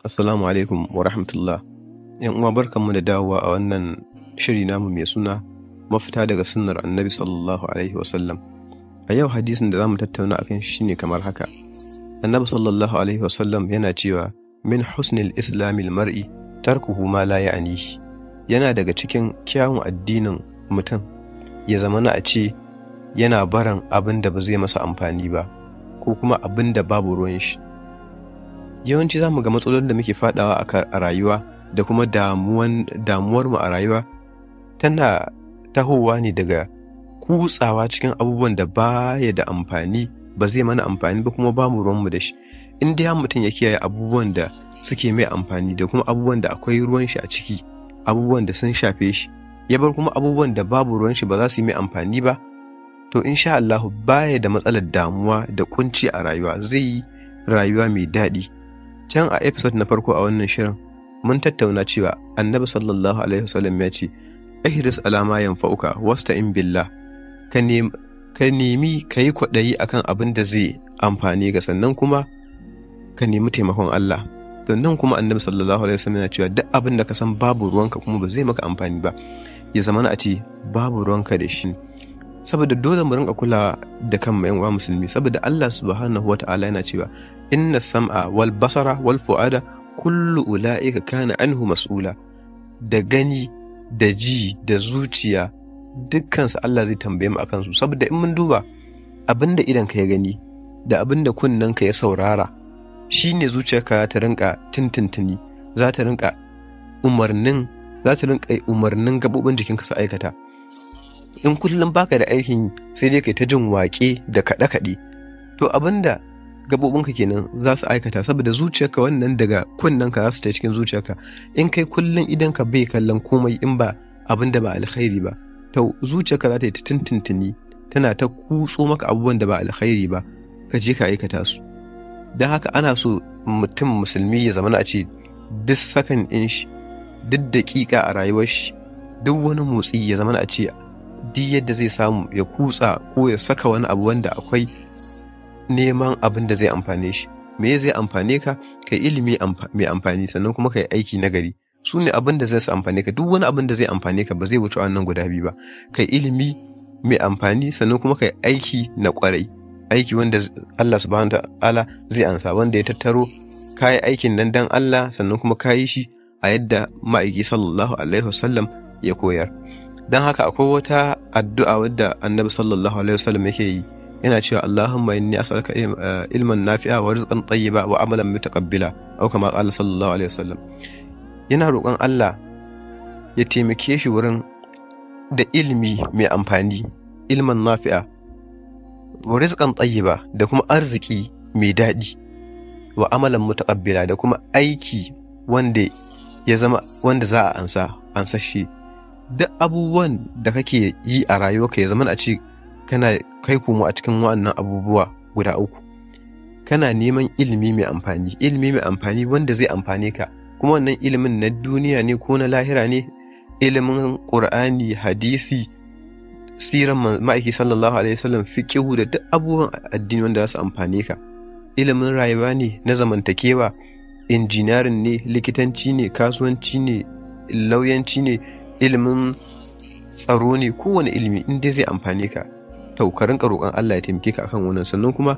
Assalamu alaikum wa rahmatullah. ‘Yan uwa barkanmu da dawowa a wannan shiri namu mai suna mafita daga sunnar annabi sallallahu alaihi wasallam. A yau hadisin da za mu tattauna akan shi ne kamar haka. Annabi sallallahu alaihi wasallam yana cewa min husnil islamil mar'i tarkuhu ma la ya'nihi. Yana daga cikin kyawun addinin mutum ya zamana a ce yana baran abin da ba zai masa amfani ba. ko kuma abin da babu ruwan shi yawanci za mu ga matsalolin da muke fadawa a rayuwa da kuma damuwar mu a rayuwa tana tahowa ne daga kutsawa cikin abubuwan da baya da amfani ba zai mana amfani ba kuma ba mu ruwan mu da shi in dai mutum ya kiyaye abubuwan da suke mai amfani da kuma abubuwan da akwai ruwan shi a ciki abubuwan da sun shafe shi ya bar kuma abubuwan da babu ruwan shi ba za su yi mai amfani ba to insha Allahu baya da matsalar damuwa da kunci a rayuwa zai yi rayuwa mai daɗi can a episode na farko a wannan shirin mun tattauna cewa annabi sallallahu alaihi wasallam ya ce ihris alama yanfa'uka in billah ka nemi ka yi kwaɗayi akan abin da zai amfani ga sannan kuma ka nemi taimakon Allah sannan kuma annabi sallallahu alaihi wasallam ya cewa duk abin da ka san babu ruwanka kuma ba zai maka amfani ba ya zamana a ce babu ruwanka da shi saboda dole mu rinka kula da kan mai wa musulmi saboda Allah subhanahu wata'ala yana cewa inna sam'a wal basara wal fu'ada kullu ula'ika kana anhu mas'ula da gani da ji da zuciya su Allah zai tambaye mu akan su saboda in mun duba abinda idan ka ya gani da abinda kunnen ka ya saurara shine zuciyarka ta rinka tintintini za ta rinka umarnin za ta rinka umarnin gabobin jikinka su aikata in kullum baka da aikin sai dai kai ta jin waƙe da kaɗe-kaɗe to abinda gaɓoɓinka kenan za su aikata saboda zuciyarka wannan daga kunnenka za su ta cikin zuciyarka in kai kullum idan ka bai kallon komai in ba abin ba alkhairi ba to zuciyarka za ta yi ta tuntuntuni tana ta kutso maka abubuwan da ba alkhairi ba ka je ka aikata su don haka ana so mutum musulmi ya zama a ce duk sakan inshi duk daƙiƙa a rayuwar shi duk wani motsi ya zama a ce duk yadda zai samu ya kutsa ko ya saka wani abu wanda akwai neman abin da zai amfane shi me zai amfane ka ka ilimi mai amfani sannan kuma ka yi aiki na gari su ne abin da zai su amfane ka duk wani abin da zai amfane ka ba zai wuce wannan guda biyu ba ka ilimi mai amfani sannan kuma ka yi aiki na kwarai aiki wanda Allah subhanahu ta'ala zai ansa wanda ya tattaro ka yi aikin nan dan Allah sannan kuma ka yi shi a yadda ma'aiki sallallahu alaihi wasallam ya koyar don haka akwai wata addu'a wadda annabi sallallahu alaihi wasallam yake yi yana cewa Allahumma inni as'aluka eh, ilman nafi'a wa rizqan tayyiba wa amalan mutaqabbila aw kama qala sallallahu alaihi wasallam yana roƙon Allah ya taimake shi wurin da ilmi mai amfani ilman nafi'a wa rizqan tayyiba da kuma arziki mai daɗi wa amalan mutaqabbila da kuma aiki wanda ya zama wanda za a ansa ansa shi duk abubuwan da kake yi a rayuwarka ya zama a ce kana kai kuma a cikin wa'annan abubuwa guda uku kana neman ilimi mai amfani ilimi mai amfani wanda zai amfane ka kuma wannan ilimin na duniya ne ko na lahira ne ilimin qur'ani hadisi siran ma'aiki sallallahu alaihi wasallam fiqihu da duk abubuwan addini wanda za su amfane ka ilimin rayuwa ne na zamantakewa injiniyarin ne likitanci ne kasuwanci ne lauyanci ne ilimin tsaro ne kowane ilimi in dai zai amfani ka taukarin ka roƙon Allah ya taimake ka akan wannan sannan kuma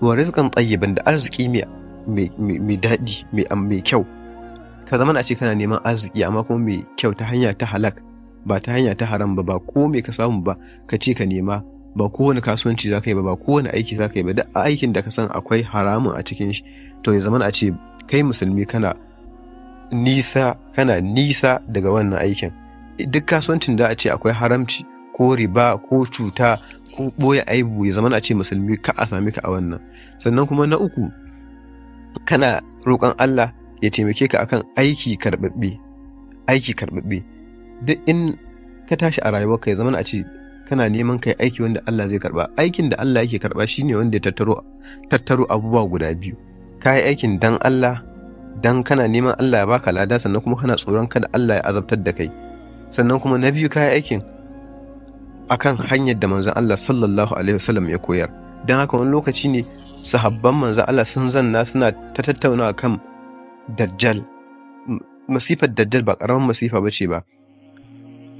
wa rizqan tayyiban da arziki mai mai daɗi mai kyau ka zama a ce kana neman arziki amma kuma mai kyau ta hanya ta halak ba ta hanya ta haram ba ba ko me ka samu ba ka ce ka nema ba kowane kasuwanci za yi ba ba kowane aiki za yi ba duk aikin da ka san akwai haramun a cikin shi to ya zama a ce kai musulmi kana nisa kana nisa daga wannan aikin duk kasuwancin da a ce akwai haramci ko riba ko cuta ko ɓoye aibu ya zama a ce musulmi ka a sami ka a wannan sannan kuma na uku kana roƙon Allah ya taimake ka akan aiki karɓaɓɓe aiki karɓaɓɓe duk in ka tashi a ka ya zama a ce kana neman kai aiki wanda Allah zai karba aikin da Allah yake karba shine wanda ya tattaro tattaro abubuwa guda biyu kai aikin dan Allah dan kana neman Allah ya baka lada sannan kuma kana tsoron kada Allah ya azabtar da kai sannan kuma na biyu kayi aikin akan hanyar da manzon Allah sallallahu alaihi wasallam ya koyar dan haka wani lokaci ne sahabban manzon Allah sun zanna suna ta tattauna kan dajjal masifar dajjal ba karamin masifa bace ba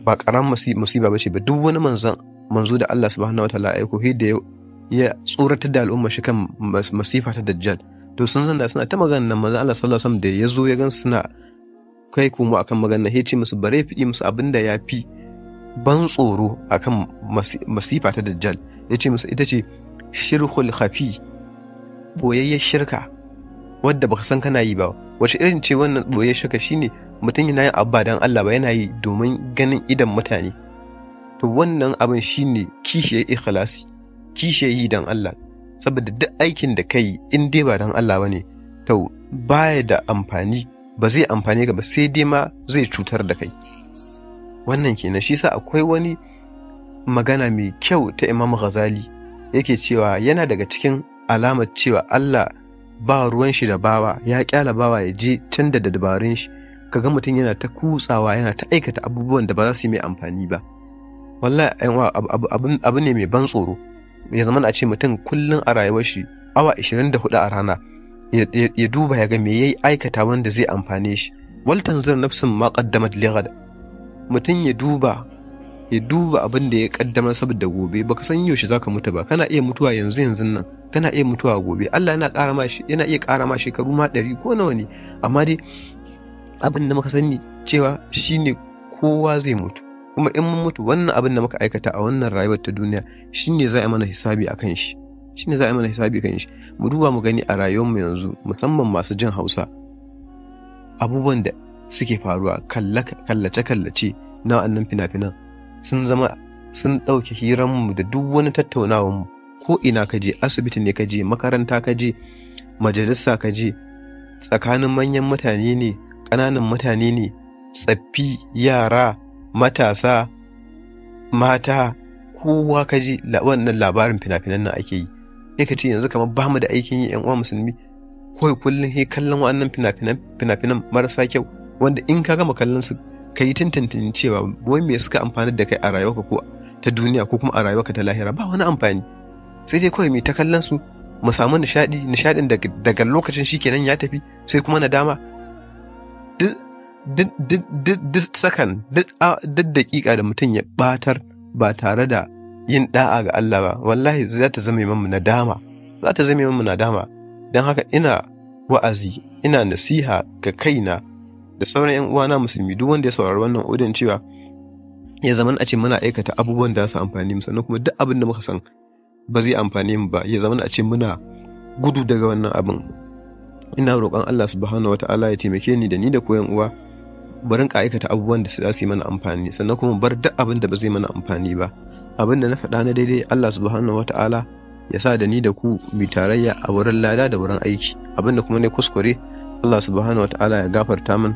ba karamin musiba bace ba duk wani manzon manzo da Allah subhanahu wataala ya aiko da ya tsoratar da al'umma shi kan masifa ta dajjal to sun zanda suna ta magana nan manzo Allah sallallahu alaihi wasallam da ya zo ya gan suna kai kuma akan magana ya ce musu bare fiɗi musu abin da ya fi ban tsoro akan masifa ta dajjal ya ce musu ita ce shirkul khafi boyayyar shirka wadda baka san kana yi ba wace irin ce wannan boyayyar shirka shine mutum yana yin abba dan Allah ba yana yi domin ganin idan mutane to wannan abin shine kishiyar ikhlasi kishiyar yi dan Allah saboda duk aikin da kai in dai ba don Allah ba ne to baya da amfani ba zai amfani gaba ba sai dai ma zai cutar da kai wannan kenan shi sa akwai wani magana mai kyau ta Imam Ghazali yake cewa yana daga cikin alamar cewa Allah ba ruwan shi da bawa ya kyala bawa ya je can da dabarun shi kaga mutum yana ta kutsawa yana ta aikata abubuwan da ba za su yi mai amfani ba wallahi abu ne mai ban tsoro ya zama a ce mutum kullum a rayuwar shi awa 24 a rana ya duba ya ga me yayi aikata wanda zai amfane shi wal tanzur nafsin ma qaddamat lighad mutum ya duba ya duba abin da ya ƙaddamar saboda gobe baka san yaushe zaka mutu ba kana iya mutuwa yanzu yanzu nan kana iya mutuwa gobe Allah yana iya ƙara ma shekaru ma ɗari ko nawa ne amma dai abin da muka sani cewa shi ne kowa zai mutu kuma in mun mutu wannan abin da muka aikata a wannan rayuwar ta duniya shine za a mana hisabi a kan shi shine za a mana hisabi kan shi mu duba mu gani a rayuwar mu yanzu musamman masu jin Hausa abubuwan da suke faruwa kallace kallace na wannan fina-finan sun zama sun ɗauke hiranmu da duk wani tattaunawar mu ko ina ka je asibiti ne ka je makaranta ka je majalisa ka je tsakanin manyan mutane ne ƙananan mutane ne tsaffi yara matasa mata kowa ka ji wannan labarin fina-finan nan ake yi sai ka ce yanzu kamar ba mu da aikin yi yan uwa musulmi kawai kullum sai kallon wannan fina-finan marasa kyau wanda in ka gama kallon su ka yi tuntuntun cewa wai me suka amfani da kai a rayuwarka ko ta duniya ko kuma a rayuwarka ta lahira ba wani amfani sai dai kawai me ta kallon su mu samu nishaɗi? Nishaɗin daga lokacin shi shikenan ya tafi sai kuma nadama duk sakan duk daƙiƙa da mutum ya batar ba tare da yin ɗa'a ga Allah ba wallahi za ta zama na dama. za ta zama na dama. don haka ina wa'azi ina nasiha ga kaina da sauran yan uwana musulmi duk wanda ya saurari wannan odin cewa ya zaman a ce muna aikata abubuwan da su amfani mu sannan kuma duk abin da muka san ba zai amfani mu ba ya zaman a ce muna gudu daga wannan abin ina roƙon Allah subhanahu wataala ya taimake ni da ni da koyan uwa barin ka aikata abubuwan da za su yi mana amfani sannan kuma bar duk abin da ba zai mana amfani ba abin da na faɗa na daidai Allah subhanahu ta'ala ya sa da ni da ku mu tarayya a wurin lada da wurin aiki abin da kuma ne kuskure Allah subhanahu ta'ala ya gafarta min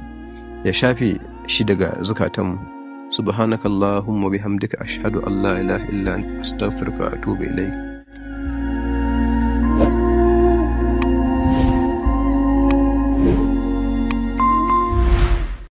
ya shafe shi daga zukatanmu subhanakallahumma bihamdika ashhadu an la ilaha illa anta astaghfiruka wa atubu ilayk